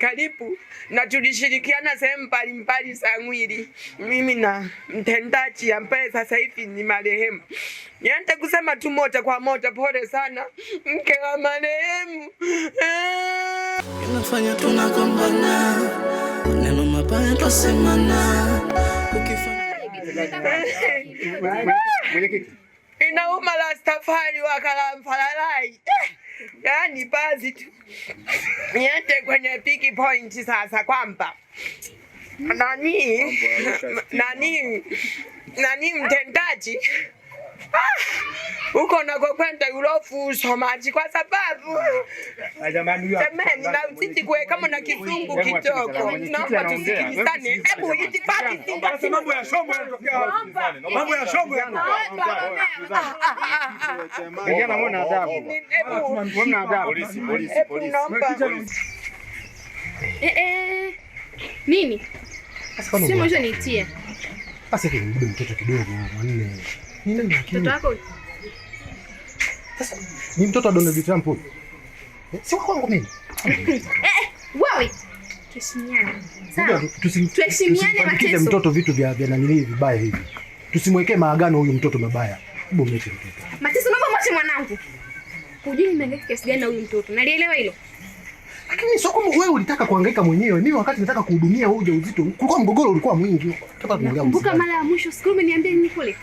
karibu na tulishirikiana sehemu mbalimbali za mwili. Mimi na mtendaji ambaye sasa hivi ni marehemu. Yani kusema tu moja kwa moja, pole sana mke wa marehemu. Inafanya tunagombana, neno mabaya twasemana, inauma la stafari wa kalamfalalai yani basi tu niende kwenye piki point sasa, kwamba nani nani nani mtendaji huko ah! nakokwenda ulofu somaji kwa sababu ah, jamani, nazidi kuwekamo na kizungu kidogo, naomba tusikilizane. Hebu itifaki mambo ya shombo mambo ya shombo vijana, mwana adabu, ah, mwana adabu, polisi, polisi, polisi nini? mtoto kidogo mwanne ni mtoto wa Donald Trump huyo. Eh, si wangu mimi. Eh, wewe. Tuheshimiane mateso. Mtoto vitu vya vya nani hivi vibaya hivi. Tusimwekee maagano huyu mtoto mabaya. Hebu mweke mtoto. Mateso mambo mwache mwanangu. Hujui nimehangaika kiasi gani na huyu mtoto. Nalielewa hilo. Lakini sio kama wewe ulitaka kuhangaika mwenyewe. Mimi wakati nataka kuhudumia huyu ujauzito, kulikuwa mgogoro ulikuwa mwingi. Nataka kuongea. Kumbuka mara ya mwisho siku umeniambia nini kule?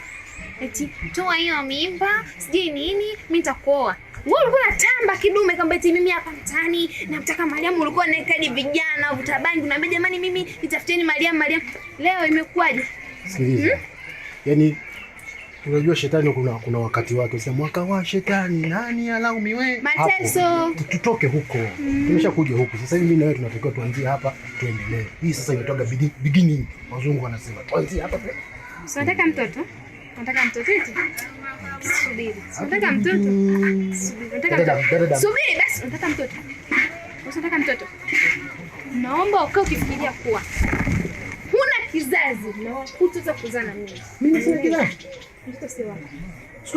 eti toa hiyo mimba sijui nini, mimi nitakuoa. Wewe ulikuwa unatamba kidume kwamba eti mimi hapa mtaani namtaka Mariam, ulikuwa unaweka hadi vijana vuta bangi, unaambia jamani, mimi nitafuteni Mariam, Mariam. Leo imekuwaje? Sikiliza. Hmm? Yani unajua shetani kuna kuna wakati wake, sema mwaka wa shetani nani alaumiwe? Mateso. Tutoke huko. Mm. kuja huko. Sasa hivi mimi na wewe tunatakiwa tuanzie hapa tuendelee. Hii sasa inatoka beginning. Wazungu wanasema tuanzie hapa. Sasa nataka mtoto. Nataka mtoto eti? Subiri. Nataka mtoto. Subiri. Nataka mtoto. basi, nataka mtoto. Naomba ukae ukifikiria kuwa huna kizazi na hutaweza kuzaa na mimi. Mimi sina kizazi. Mtoto si wako. Ah,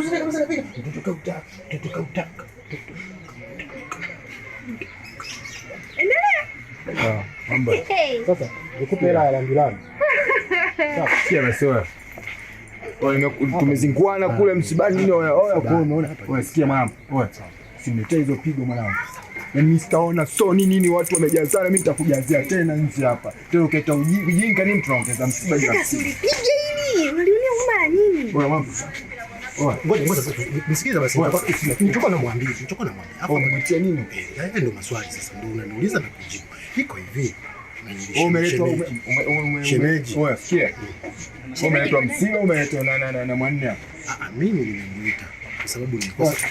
Sasa, hela ya landilani. wewe tumezinguana kule msibani, unasikia mwanangu, hizo pigo mwanangu. Mimi sitaona soni nini, watu wamejazana, mimi nitakujazia tena nzi hapa tena. Ukaita ujinga nini, tunaongeza msiba. Eh, ndio maswali sasa, ndio unaniuliza na kujibu. Iko hivi umeletwa msile, umeletwa na mwanne hapa? Mimi nimemwita kwa sababu ni kosa.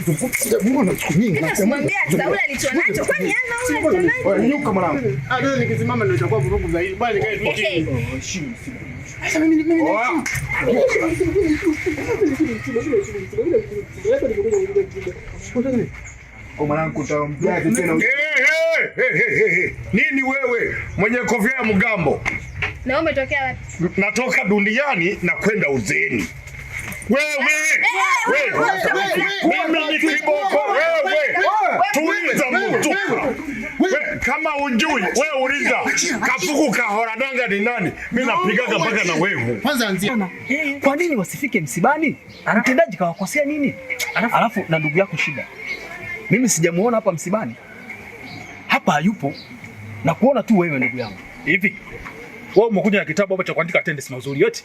Nyuka mwanangu, nikisimama ndio itakuwa vurugu zaidi mwanangu utamjaki tena. Nini wewe mwenye kofia ya mgambo? Na umetokea wapi? Natoka duniani na kwenda uzeeni. Mimi ni kiboko wewe. Tuliza mtu. Kama ujui wewe uliza Kafuku kahoradanga ni nani? Mimi napigaga paka na wewe. Kwanza anzia. Kwa nini wasifike msibani? Mtendaji kawakosea nini? Alafu na ndugu yako shida mimi sijamuona hapa msibani, hapa hayupo, na kuona tu wewe ndugu yangu. Hivi wewe umekuja na kitabu hapa cha kuandika attendance mazuri yote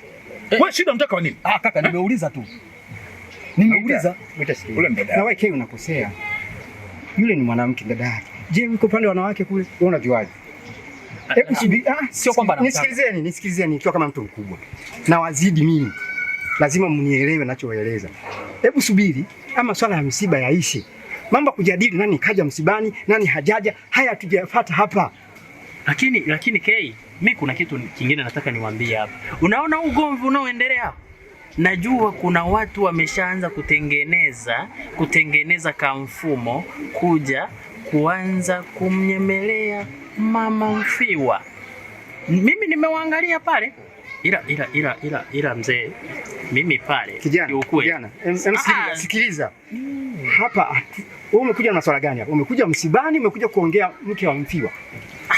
eh? Wewe shida unataka nini? Ah kaka, ah. nimeuliza tu, nimeuliza. Na wewe kei, unakosea, yule ni mwanamke dada yake. Je, uko pale wanawake kule, wewe unajuaje? Ah, Hebu ah, sibi, ah, sio kwamba nisikilizeni, nisikilizeni kiwa kama mtu mkubwa na wazidi mimi, lazima mnielewe nachoeleza. Hebu subiri ama swala ya msiba yaishi Mambo kujadili nani kaja msibani, nani hajaja, haya hatujafuata hapa. Lakini lakini K, mimi kuna kitu kingine nataka niwaambie hapa. Unaona ugomvi unaoendelea? Najua kuna watu wameshaanza kutengeneza kutengeneza kamfumo kuja kuanza kumnyemelea mama Mfiwa. Mimi nimewaangalia pale ila ila ila ila, ila mzee, mimi pale kijana, kijana, ah. sikiliza hapa wewe umekuja na swala gani hapa? Umekuja msibani, umekuja kuongea mke wa mfiwa. Ah,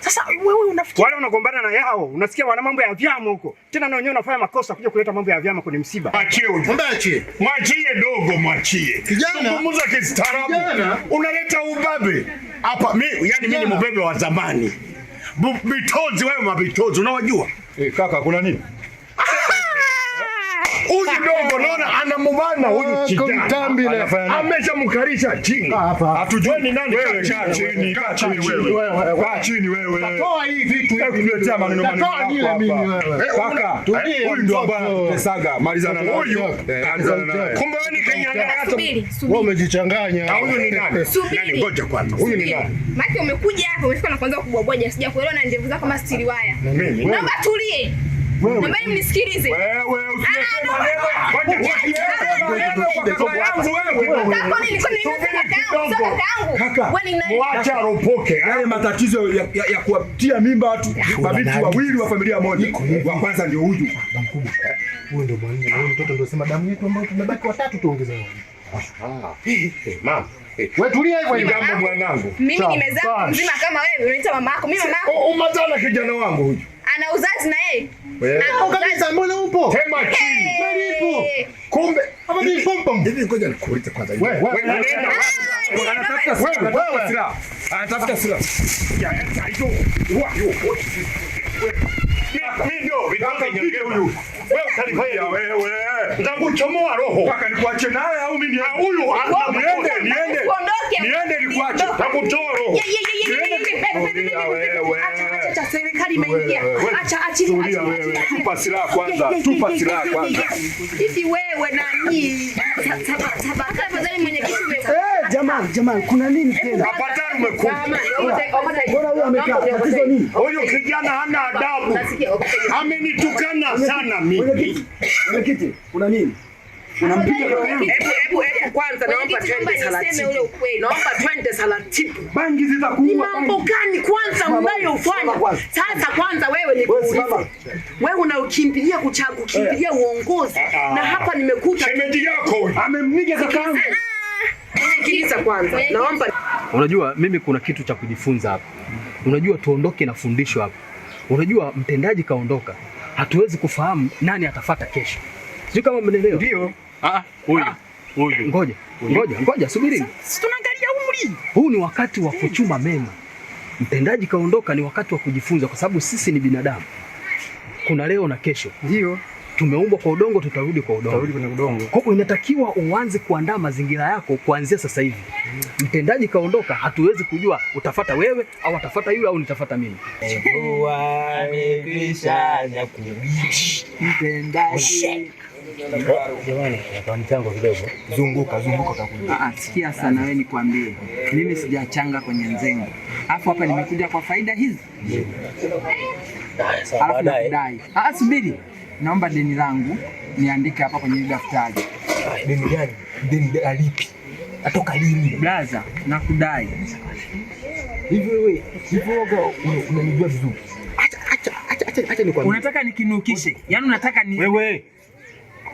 sasa wewe unafikiri wale wanagombana na yao, unasikia wana mambo ya vyama huko. Tena na wenyewe unafanya makosa kuja kuleta mambo ya vyama kwenye msiba. Achie huyo. achie? Mwachie dogo mwachie. Kijana. Zungumza kistaarabu. Unaleta ubabe. Hapa mimi yani mimi ni mbebe wa zamani. Bitozi wewe mabitozi unawajua? Eh, kaka kuna nini? Ah, Huyu dogo naona anamubana huyu ah, kijana. Ameshamkarisha chini. Hatujui ni nani kaa chini, kaa chini wewe. Kaa chini wewe. Toa hii vitu hivi. Kuletea maneno maneno yako hapa. Kaka, eh, eh, eh, huyu ndo bwana Saga, malizana naye. Huyu malizana naye. Kumbe wewe ni kinyang'anya. Subiri, subiri. Wewe umejichanganya. Huyu ni nani? Subiri. Ngoja kwanza. Huyu ni nani? Maki umekuja hapa umefika na kuanza kubwaboja, sijakuelewa na ndevu zako kama stili waya. Naomba tulie. Wewe aropoke. Yale matatizo ya kuwatia mimba watu mabinti wawili wa familia moja. Wa kwanza ndio huyu. Huyu ndio mwalimu. Huyu mtoto ndio sema damu yetu ambayo tumebaki watatu tuongeze Wewe tulia hivyo hivyo mwanangu. Mimi nimezaa mzima kama wewe unaita mama yako. Mimi mama yako. Umatana kijana wangu huyu ana uzazi na yeye. Mbona upo? Sema chini. Malipo. Kumbe hapa ni pompa. Hivi ngoja nikuulize kwanza. Wewe unaenda wapi? Anatafuta silaha. Anatafuta silaha. Mimi ndio vidonge nyingi huyu. Wewe utanifanya wewe. Nitakuchomoa roho. Paka nikuache naye au mimi? Huyu niende niende. Niende nikuache. Nitakutoa gari Tupa silaha kwanza. Tupa silaha kwanza. Hivi wewe nani? Eh, jamani, jamani kuna nini tena? Kapata umekuwa. Bora kijana hana adabu. Amenitukana sana mimi. mwenyekiti kuna nini? Unampiga baba yangu. Hebu hebu hebu kwanza naomba twende Naomba twende Bangi zitakuua. mambo gani kwanza unayofanya? Sasa kwanza wewe ni kuuliza. Wewe unaokimbilia eh. uongozi ah, ah. na hapa nimekuta. Shemeji yako amemniga ah. Sikiliza kwanza. Naomba Unajua mimi kuna kitu cha kujifunza hapa. Unajua tuondoke na fundisho hapa. Unajua mtendaji kaondoka, hatuwezi kufahamu nani atafata kesho. Sijui kama mnaelewa. Ndio. Ah, huyu. Huyu. Ngoja. Ngoja, ngoja, subiri. Si tunaangalia umri. Huu ni wakati wa kuchuma mema. Mtendaji kaondoka, ni wakati wa kujifunza kwa sababu sisi ni binadamu. Kuna leo na kesho. Ndio. Tumeumbwa kwa udongo, tutarudi kwa udongo. Tutarudi kwenye udongo. Kwa hiyo inatakiwa uanze kuandaa mazingira yako kuanzia sasa hivi. Mm. Mtendaji kaondoka, hatuwezi kujua utafata wewe au atafata yule au nitafata mimi. Mtendaji Zunguka zunguka ah, ah, sikia sana wewe, nikwambie mimi sijachanga kwenye nzengo, alafu hapa nimekuja kwa faida hizi, alafu nakudai. Ah, subiri, naomba deni langu niandike hapa kwenye daftari. Deni gani? Deni alipi Atoka lini? Blaza, nakudai hivi. Wewe hivi unanijua vizuri. Acha acha acha acha, nikwambie. Unataka nikinukishe? Yaani unataka ni wewe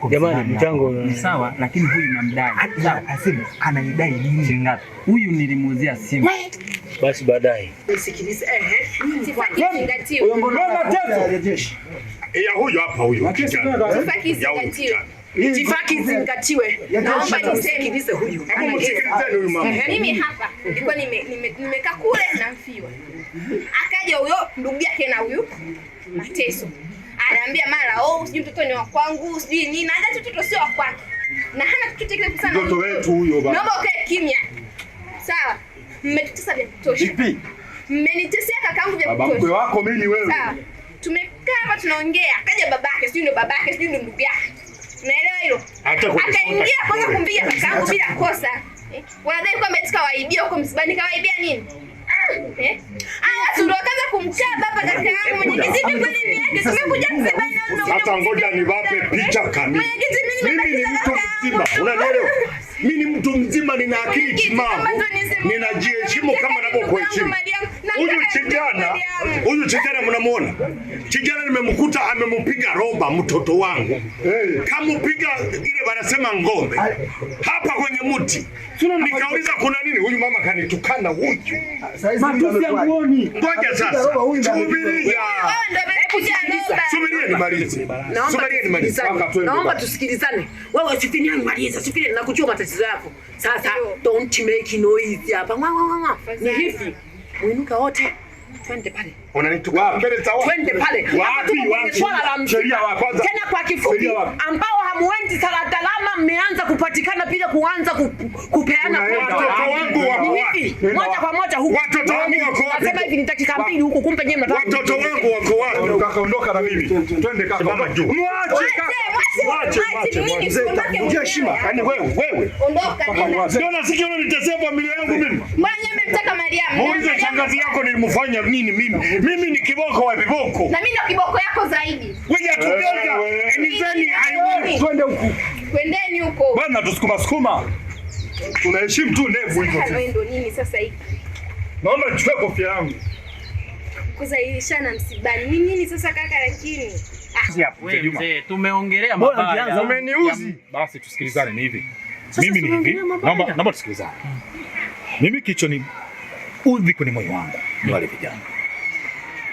Jamani, mchango sawa, lakini huyu namdai. Asimu anaidai nini? Shilingi ngapi? Huyu nilimuuzia simu. Basi baadaye. Sikiliza, eh, huyo hapa huyo. Itifaki zingatiwe. Naomba nisikilize huyu. Mimi hapa nilikuwa nimekaa kule na mfiwa. Akaja huyo ndugu yake na huyu Mateso anaambia mara oh, sijui mtoto ni wa kwangu sijui nini, na hata mtoto sio wa kwake na hana kitu kile kusana. Mtoto wetu huyo baba, naomba ukae kimya, sawa? Mmetutesa vya kutosha. Vipi? Mmenitesea kakaangu vya kutosha. Baba mkwe wako mimi ni wewe. Sawa, tumekaa hapa tunaongea, kaja babake, sijui ndio babake, sijui ndio ndugu yake, unaelewa hilo? Akaingia kwanza kumpiga kakaangu bila kosa, eh, wanadai kwamba eti kawaibia huko msibani. Kawaibia nini? Sasa ngoja niwape picha kamili. Mimi ni mtu mzima, unanielewa? Mimi ni mtu mzima, nina akili timamu, ninajiheshimu kama navyokuheshimu. Huyu kijana huyu kijana mnamuona, kijana nimemkuta amempiga roba mtoto wangu, kamupiga ile wanasema ngombe hapa kwenye mti Nikauliza kuna nini? Huyu mama kanitukana huyu. Matusi ya muoni. Ngoja sasa. Subiria. Eh, eh, Naomba tusikilizane. Wewe usifinie nimalize. Usifinie nakuchoma matatizo yako. Sasa don't make noise hapa. Ni hivi. Mwinuka wote. Twende pale. Unanitukua mbele za wapi? Tena kwa kifupi ambao hamuendi sala mmeanza kupatikana bila kuanza kupeana Moja kwa moja huko. Watoto wangu wako wapi? Nasema hivi ni dakika mbili huko kumbe nyewe mnataka. Watoto wangu wako wapi? Kaka ondoka na mimi. Twende kaka. Mwache kaka. Mwache mwache. familia yaani yangu mimi. Mwenye mtaka Mariamu. Muulize shangazi yako nilimfanya kufanya nini mimi? Mimi ni kiboko wa viboko. Na mimi ndo kiboko yako zaidi. Wewe atubega. Enizeni aiwe twende huko. Twendeni huko. Bwana tusukuma sukuma. Tunaheshimu tu ndevu hizo. Wewe ndo nini sasa hiki? Naomba nichukue kofia yangu. Kuzairishana msibani. Ni nini sasa kaka lakini? Wewe ah. mzee, tumeongelea mabaya. Umeniuzi. Basi tusikilizane ni hivi. Mimi ni hivi. Naomba tusikilizane. Mimi kichwa ni udhi kwenye moyo wangu ni wale vijana,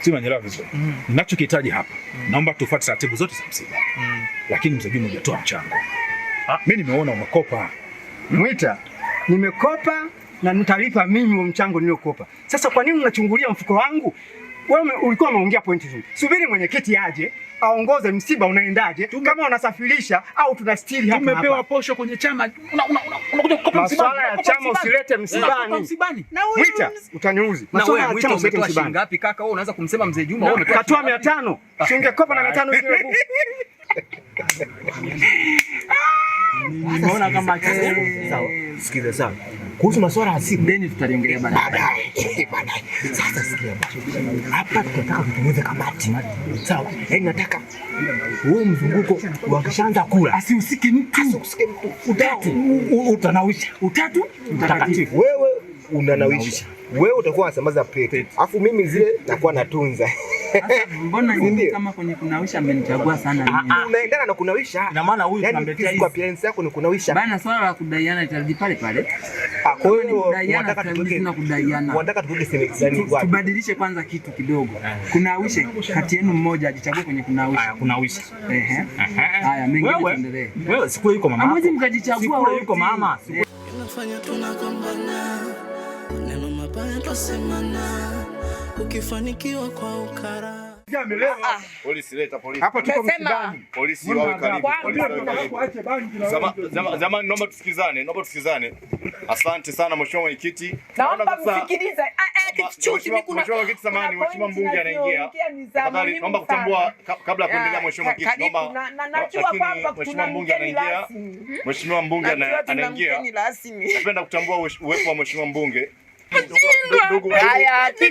si unanielewa vizuri? Mm. Ninachokihitaji hapa, mm. naomba tufuate taratibu zote za msiba, mm. lakini mzee Juma hajatoa mchango. Ah. Mimi nimeona umekopa, Mwita, nimekopa na nitalipa mimi mchango niliokopa. Sasa kwa nini unachungulia mfuko wangu? Wewe ulikuwa umeongea pointi nzuri. Subiri mwenyekiti aje aongoze msiba unaendaje? Tume... Kama unasafirisha au tuna stili hapa. Tumepewa posho kwenye chama. Unakuja kukopa msiba. Masuala ya chama usilete msibani. Mwita utaniuzi. Masuala ya chama usilete msibani. Ngapi kaka wewe unaanza kumsema mzee Juma wewe umetoa. Katoa 500. Shilingi kopa na 500 zile. Unaona kama kesi. sawa. Sikiza sana kuhusu masuala ya simu deni tutaliongelea eh, baadaye. Sasa sikia, hapa tunataka kutengeneza kamati, sawa? Yaani nataka huu mzunguko wakishaanza kula asihusike mtu, asihusike mtu. Utatu utanawisha, utatu mtakatifu. Wewe unanawisha, wewe utakuwa unasambaza pete, afu mimi zile nakuwa natunza. Mbona nyinyi kama kwenye kunawisha mmenichagua sana ah, mimi. Unaendana na kunawisha. Ina maana huyu yaani tunamletea hizi. Kwa appearance yako ni kunawisha. Bana swala la kudaiana itarudi pale pale. Ah, kwa hiyo unataka tutoke na kudaiana. Unataka tutoke sehemu gani? Tubadilishe kwanza kitu kidogo. Kunawisha kati yenu mmoja ajichague kwenye kunawisha. Haya, kunawisha. Ehe. Haya, mengine tuendelee. Wewe siku yuko mama. Hamwezi mkajichagua wewe. Siku yuko mama. Tunafanya tunagombana. Upendo semana ukifanikiwa kwa ukara ah, ah. Zamani naomba tusikizane, naomba tusikizane. Asante sana mheshimiwa mwenyekiti. Mheshimiwa mbunge anaingia. naomba kutambua kabla ya kuendelea mheshimiwa mbunge anaingia. Mheshimiwa mbunge anaingia. Napenda kutambua uwepo wa mheshimiwa mbunge Ndugu mwenyekiti,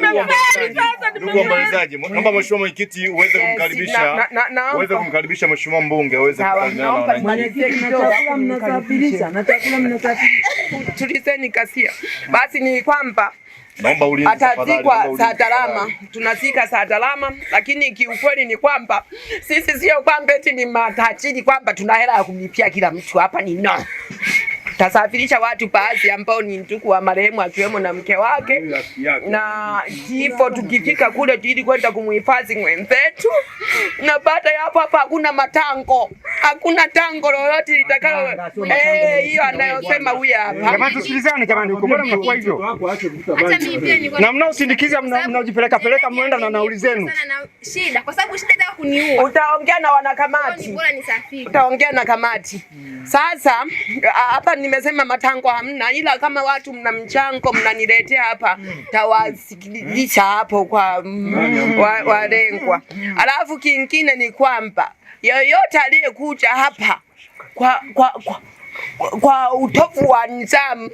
naomba mheshimiwa mwenyekiti uweze kumkaribisha uweze kumkaribisha mheshimiwa mbunge aweze tulizeni kasia. Basi ni kwamba atazikwa Sadarama, tunazika Sadarama, lakini kiukweli ni kwamba sisi sio kwamba eti ni matajiri kwamba tuna hela ya kumlipia kila mtu hapa, ni no tasafirisha watu pasi ambao ni ndugu wa marehemu akiwemo na mke wake, na kifo tukifika kule tuili kwenda kumuhifadhi mwenzetu. Na baada ya hapo hapa hakuna matango, hakuna tango lolote litakalo eh, hiyo anayosema huyu hapa. Jamani, tusikilizane jamani, huko mbona mnakuwa hivyo? Na mnaosindikiza mnajipeleka peleka, mwenda na nauli zenu. Shida kwa sababu shida itaka kuniua. Utaongea na wanakamati, utaongea na kamati. Sasa hapa nimesema matango hamna, ila kama watu mna mchango mnaniletea hapa, tawasikilisha hapo kwa walengwa. Alafu kingine ni kwamba yoyote aliyekuja hapa kwa, kwa, kwa kwa utovu wa nidhamu.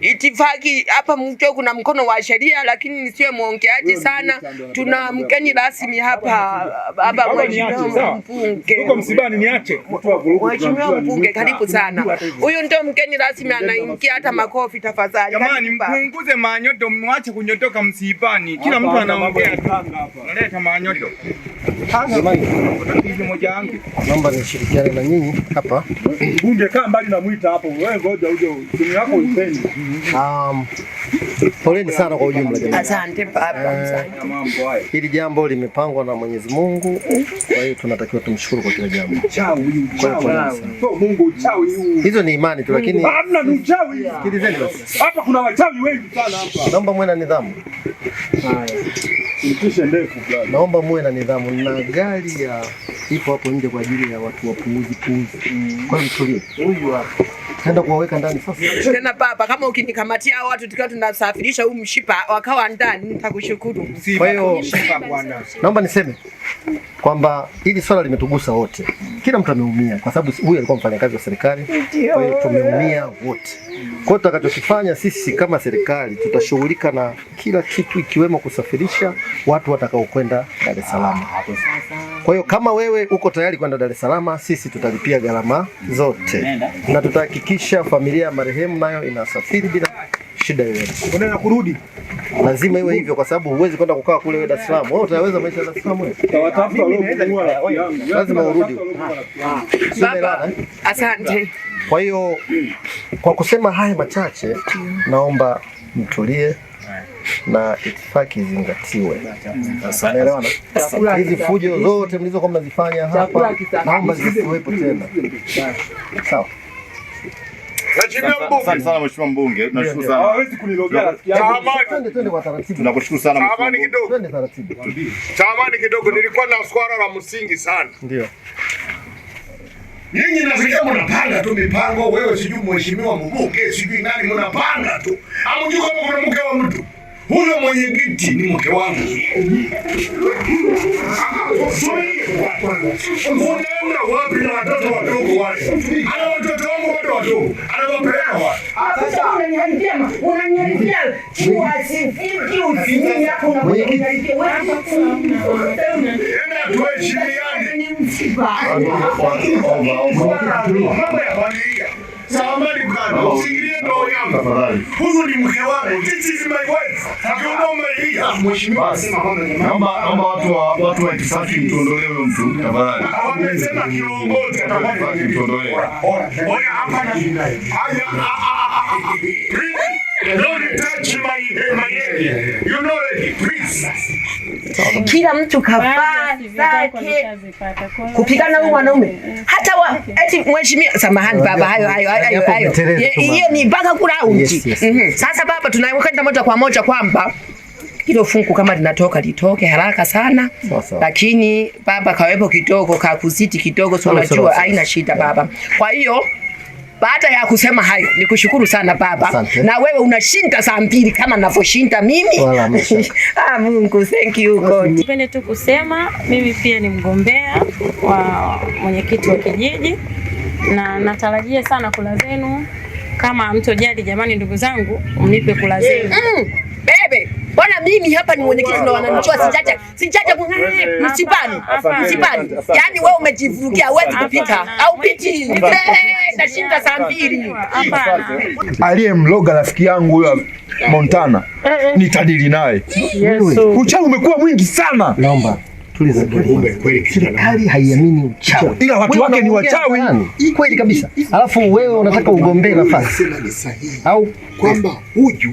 Itifaki hapa mcho kuna mkono wa sheria, lakini nisiwe mwongeaji sana. Tuna mgeni rasmi hapa baba, mheshimiwa mbunge. Huko msibani niache Mheshimiwa mbunge, karibu sana. Huyu ndio mgeni rasmi anaingia, hata makofi tafadhali. Jamani, mpunguze manyoto, mwache kunyotoka msibani, kila mtu anaongea. Naleta manyoto. Naomba nishirikiane na nyinyi hapa. Mbunge, kaa mbali na Mwita hapo. Wewe ngoja uje, simu yako uipende. Poleni sana kwa ujumla. Asante baba, asante. Eh, hili jambo limepangwa na Mwenyezi Mungu, kwa hiyo tunatakiwa tumshukuru kwa kila jambo. Hizo ni imani tu, lakini hamna ni uchawi. sikilizeni basi. Hapa kuna wachawi wengi sana hapa. Naomba muwe na nidhamu. Naomba muwe na nidhamu na gari ya ipo hapo nje kwa ajili ya watu wapuuzi puuzi. Mm. Kwa hiyo tulie. Huyu hapa. Nenda kuwaweka ndani sasa. Tena baba, kama ukinikamatia hao watu tukiwa tunasafirisha huu mshipa wakawa ndani, nitakushukuru. Kwa hiyo naomba niseme kwamba hili swala limetugusa wote, kila mtu ameumia, kwa sababu huyu alikuwa mfanyakazi wa serikali, kwa hiyo tumeumia wote. Kwa tutakachokifanya sisi kama serikali tutashughulika na kila kitu ikiwemo kusafirisha watu watakaokwenda Dar es Salaam. Kwa hiyo kama wewe uko tayari kwenda Dar es Salaam, sisi tutalipia gharama zote na tutahakikisha familia ya marehemu nayo inasafiri bila shida hiyo kwenda na kurudi lazima iwe hivyo, kwa sababu huwezi kwenda kukaa kule Dar es Salaam. Wewe utaweza maisha ya Dar es Salaam wewe, tawatafuta wewe, lazima urudi. Ah, eh? Asante. Kwa hiyo kwa kusema haya machache, naomba mtulie na itifaki zingatiwe. Naelewana, hizi fujo zote mlizokuwa mnazifanya hapa naomba zisiwepo tena, sawa? Asante mheshimiwa mbunge, tunashukuru sana. Hawezi kidogo. Twende kidogo, nilikuwa na swala la msingi sana. Ndio. Nyinyi nasikia mnapanga tu mipango, wewe sijui mheshimiwa mbunge, sijui nani mnapanga tu. Hamjui kama kuna mke wa mtu. Huyo mwenyekiti ni mke wangu. Unaenda wapi na watoto wadogo wale? Ana watoto wangu bado wadogo, anawapeleka wapi? Tuheshimiane. Tafadhali bwana, usiingilie ndoa yangu tafadhali. Huyu ni mke wangu. This is my wife. Ah, mheshimiwa anasema kwamba naomba naomba watu wa watu wa itifaki mtuondolee huyo mtu tafadhali. Wamesema kiongozi tafadhali mtuondolee. Oya hapa na haya. Ah, ah, kila mtu kafaa zake kupigana huyu mwanaume eh. hata wa, eti mheshimiwa, samahani baba, hayo hayo hayo hayo, hiyo ni mpaka kuraundi. Sasa baba, tunakwenda moja kwa moja kwamba hilo fungu kama linatoka litoke haraka sana so, so. Lakini baba kawepo kidogo kakuziti kidogo, so unajua haina shida baba, kwa hiyo baada ya kusema hayo, ni kushukuru sana baba. Asante. Na wewe unashinda saa mbili kama ninavyoshinda mimi. ah, Mungu, thank you God. Nipende tu kusema mimi pia ni mgombea wa mwenyekiti wa kijiji na natarajia sana kula zenu. Kama mtojali, jamani, ndugu zangu, mnipe kula zenu. Mm, bebe Bwana mimi hapa ni mwenyekiti na wananichua sijaja sijaja eh, eh, msipani. Msipani. Yaani wewe umejivurugia huwezi kupita au piti. Eh, nashinda saa mbili. Hapana. Aliyemloga rafiki yangu huyo Montana nitadili naye. Uchawi umekuwa mwingi sana. Naomba Serikali haiamini uchawi ila watu wake ni wachawi. Hii kweli kabisa. Alafu wewe unataka ugombee nafasi au kwamba huyu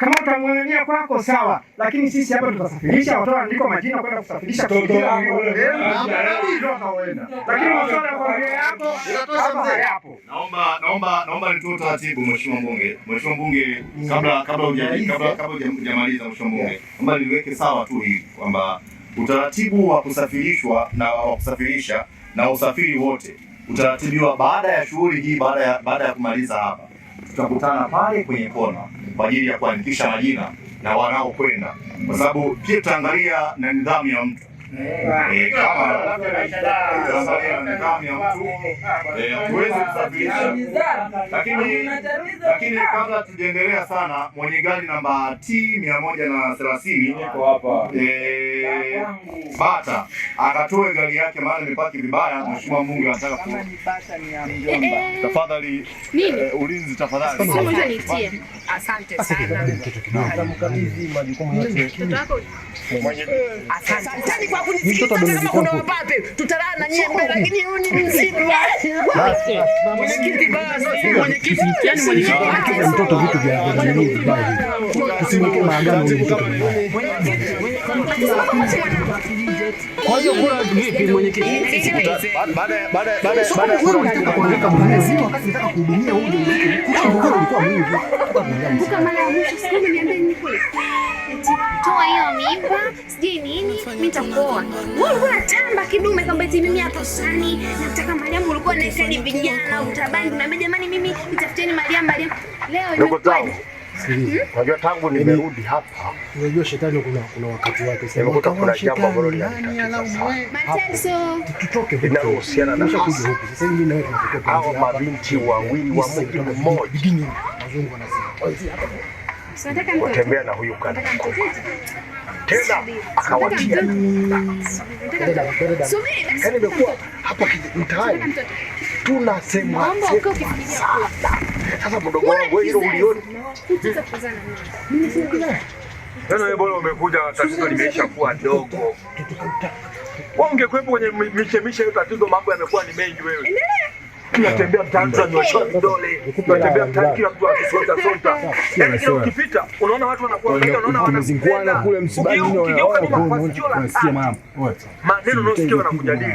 Kama tutamwonea kwako sawa, lakini sisi hapa tutasafirisha watoto andiko majina kwenda kusafirisha toto wangu. Lakini masuala kwa familia yako mzee. Hapo Naomba naomba naomba nitoe taratibu mheshimiwa mbunge. Mheshimiwa mbunge mm. kabla kabla hujaji kabla kabla hujamaliza mheshimiwa mbunge. Naomba niweke sawa tu hivi kwamba utaratibu wa kusafirishwa na wa kusafirisha na usafiri wote utaratibiwa baada ya shughuli hii baada ya baada ya kumaliza hapa tutakutana pale kwenye kona kwa ajili ya kuandikisha majina na wanaokwenda, kwa sababu pia tutaangalia na nidhamu ya mtu hatuwezi kusafirisha. Lakini kabla hatujaendelea sana, mwenye gari namba T mia moja na thelathini Bata akatoe gari yake, maana imepaki vibaya. Mheshimiwa Mungu anataka tafadhali, ulinzi tafadhali. Asante sana. Mtoto adonodoka kuna wababe, tutalala na nyie mbele, lakini huyu ni mzima. Basi mwenyekiti, basi mwenyekiti, yani mwenyekiti anakiza mtoto vitu vya nini vibaya hivi, usimweke maagano huyu mtoto. Kwa hiyo kura vipi mwenyekiti? Baada baada baada baada ya kura unataka kuandika mwenyezi wakati nataka kuhudumia huyu mtoto, ulikuwa mwingi. Kumbuka mara ya mwisho sikama niambie nini kule hiyo mimba sijui nini, mimi nitakuoa wewe. Ulikuwa natamba kidume kwamba eti mimi hapo sani nataka Mariam. ulikuwa naika ile vijana utabandi na jamani, mimi nitafuteni Mariam. Mariamu leo imekuwaje? Hmm? Unajua tangu yaani, nimerudi hapa, unajua shetani kuna kuna wakati wake. Sema kuna jambo ambalo linanitatiza. Yaani, tutoke huko. Inahusiana na huko. Sasa hivi na wewe tunatoka. Hao mabinti wawili wa mtu mmoja. Mazungu wanasema watembea na huyu kana tena akawatia yaani, imekuwa hapa mtaani tunasema sana. Sasa mdogo wangu hilo ulioni tena wewe bora umekuja, tatizo limeisha kuwa dogo. Wewe ungekuwepo kwenye michemisha hiyo, tatizo mambo yamekuwa ni mengi wewe tunatembea mtaani tunanyosha vidole, tunatembea yaani ukipita unaona watu wanakuwa unaona wanazingwana kule msibani, maneno unasikia wanakujadili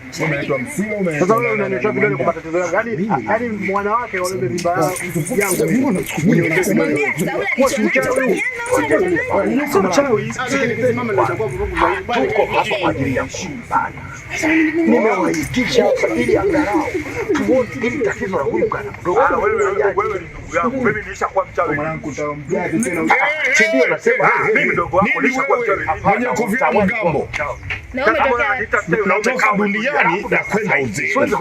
unaitwa msia, unaitwa wewe, unanitoa vidole kwa matatizo yangu. Yani yani mwanawake wale mimba yangu tuko hapa kwa ajili ya kumbana. Nimewahitisha ili angalau tuone ili tatizo la huyu kana mdogo. Wewe ni ndugu yangu, mimi nilishakuwa mchawi. Ndio nasema mimi ndogo wako nilishakuwa mchawi. Mwenye kuviona mgambo natoka duniani na kwenda uzeeni.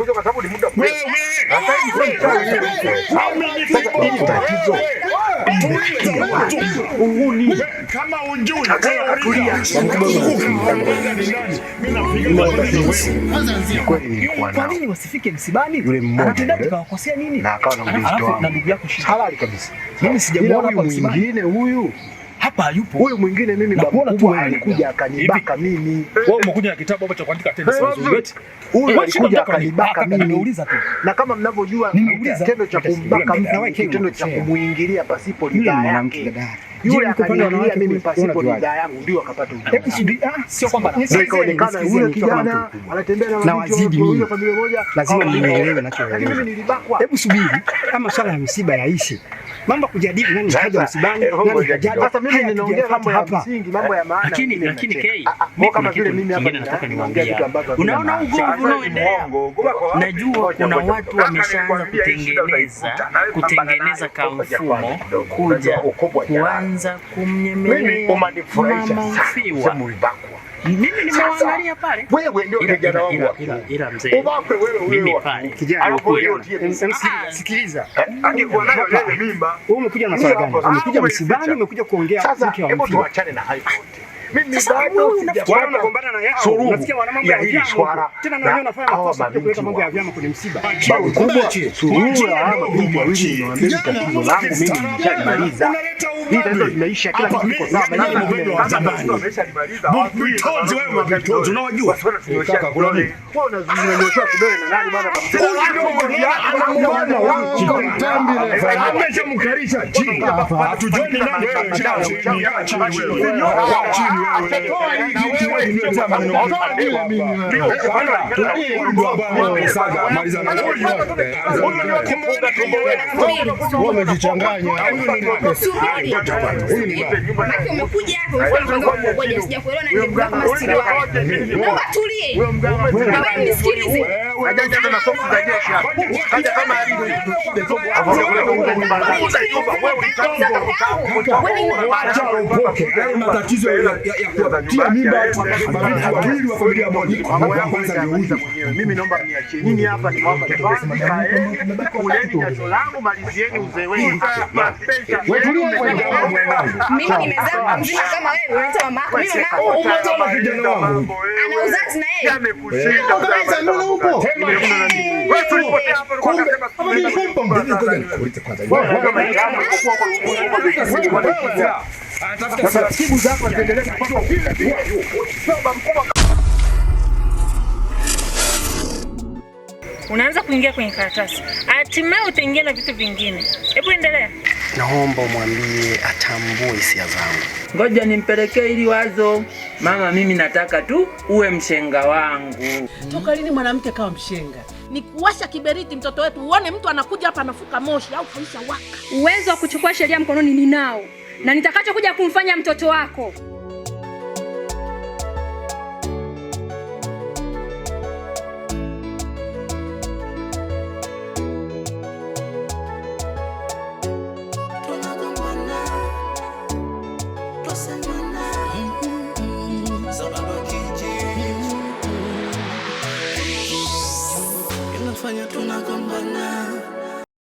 Kwa nini wasifike msibani? Yule mmoja akawakosea nini? Ndugu yako halali kabisa, mimi sijamuona kwa msibani. Mwingine huyu hapa hayupo huyu mwingine. Mimi baba mkubwa alikuja akanibaka mimi. Wewe umekuja na kitabu hapo cha kuandika tena sasa uzuweti. Huyu alikuja akanibaka ah, mimi, nimeuliza tu, na kama mnavyojua kitendo cha kumbaka mtu ni kitendo cha kumuingilia pasipo ridhaa yake. Yule akaniingilia mimi pasipo ridhaa yangu, ndio akapata ujumbe. Sio kwamba ndio ikaonekana yule kijana anatembea na mtu mmoja wazidi mimi, lazima mnielewe nachoelewa. Hebu subiri, kama swala ya msiba yaishi mambo ya kujadili nani kaja msibani nani kaja. Sasa mimi ninaongea mambo ya msingi, mambo ya maana. Lakini lakini K, mimi kama vile mimi hapa nataka niongee kitu ambacho unaona ugomvi unaoendelea. Najua kuna watu wameshaanza kutengeneza kutengeneza kama kuja kuanza kumnyemelea mama Mfiwa mimi nimeangalia pale. Wewe ndio kijana wangu. Ila mzee. Ubakwe wewe wewe. Kijana ah. sikiliza. Eh, Angekuwa nayo leo mimba. Wewe umekuja na swala gani? Umekuja msibani, umekuja kuongea mke wa mtu. Sasa hebu tuachane na high court mimi bado sijaona kugombana na yao. Unasikia wana mambo ya hili swala. Tena na wenyewe wanafanya makosa ya kuleta mambo ya vyama kwenye msiba. Babu kubwa suluhu ya hapa kubwa chini. Tatizo langu mimi nimeshamaliza. Hii tatizo limeisha, kila kitu kiko sawa. Mimi ni mgombe wa zamani. Ameshamaliza. Mtonzi wewe mtonzi unawajua. Unataka kulani. Wewe unazungumzia kudole na nani bana? Ameshamkarisha chini. Hatujui nani wewe. Chini wamejichanganya. Umekuja tulie, nisikilize Hayo matatizo ya kutia mimba wawili wa familia moja, kwanza ni huyu. Mimi naomba mniachie nyinyi hapa, ni mambo kuleni jasho langu, malizieni uzee wenu. Mimi nimezaa mzima kama wewe, unaita mama yako. Mimi mama yako ana uzazi na yeye, amekushinda uzazi upo unaanza kuingia kwenye karatasi, hatimaye utaingia na vitu vingine. Hebu endelea naomba umwambie atambue hisia zangu. Ngoja nimpelekee hili wazo. Mama, mimi nataka tu uwe mshenga wangu. Toka lini mwanamke kawa mshenga? Ni kuwasha kiberiti mtoto wetu, uone mtu anakuja hapa anafuka moshi au kuisha waka. Uwezo wa kuchukua sheria mkononi ninao, na nitakachokuja kumfanya mtoto wako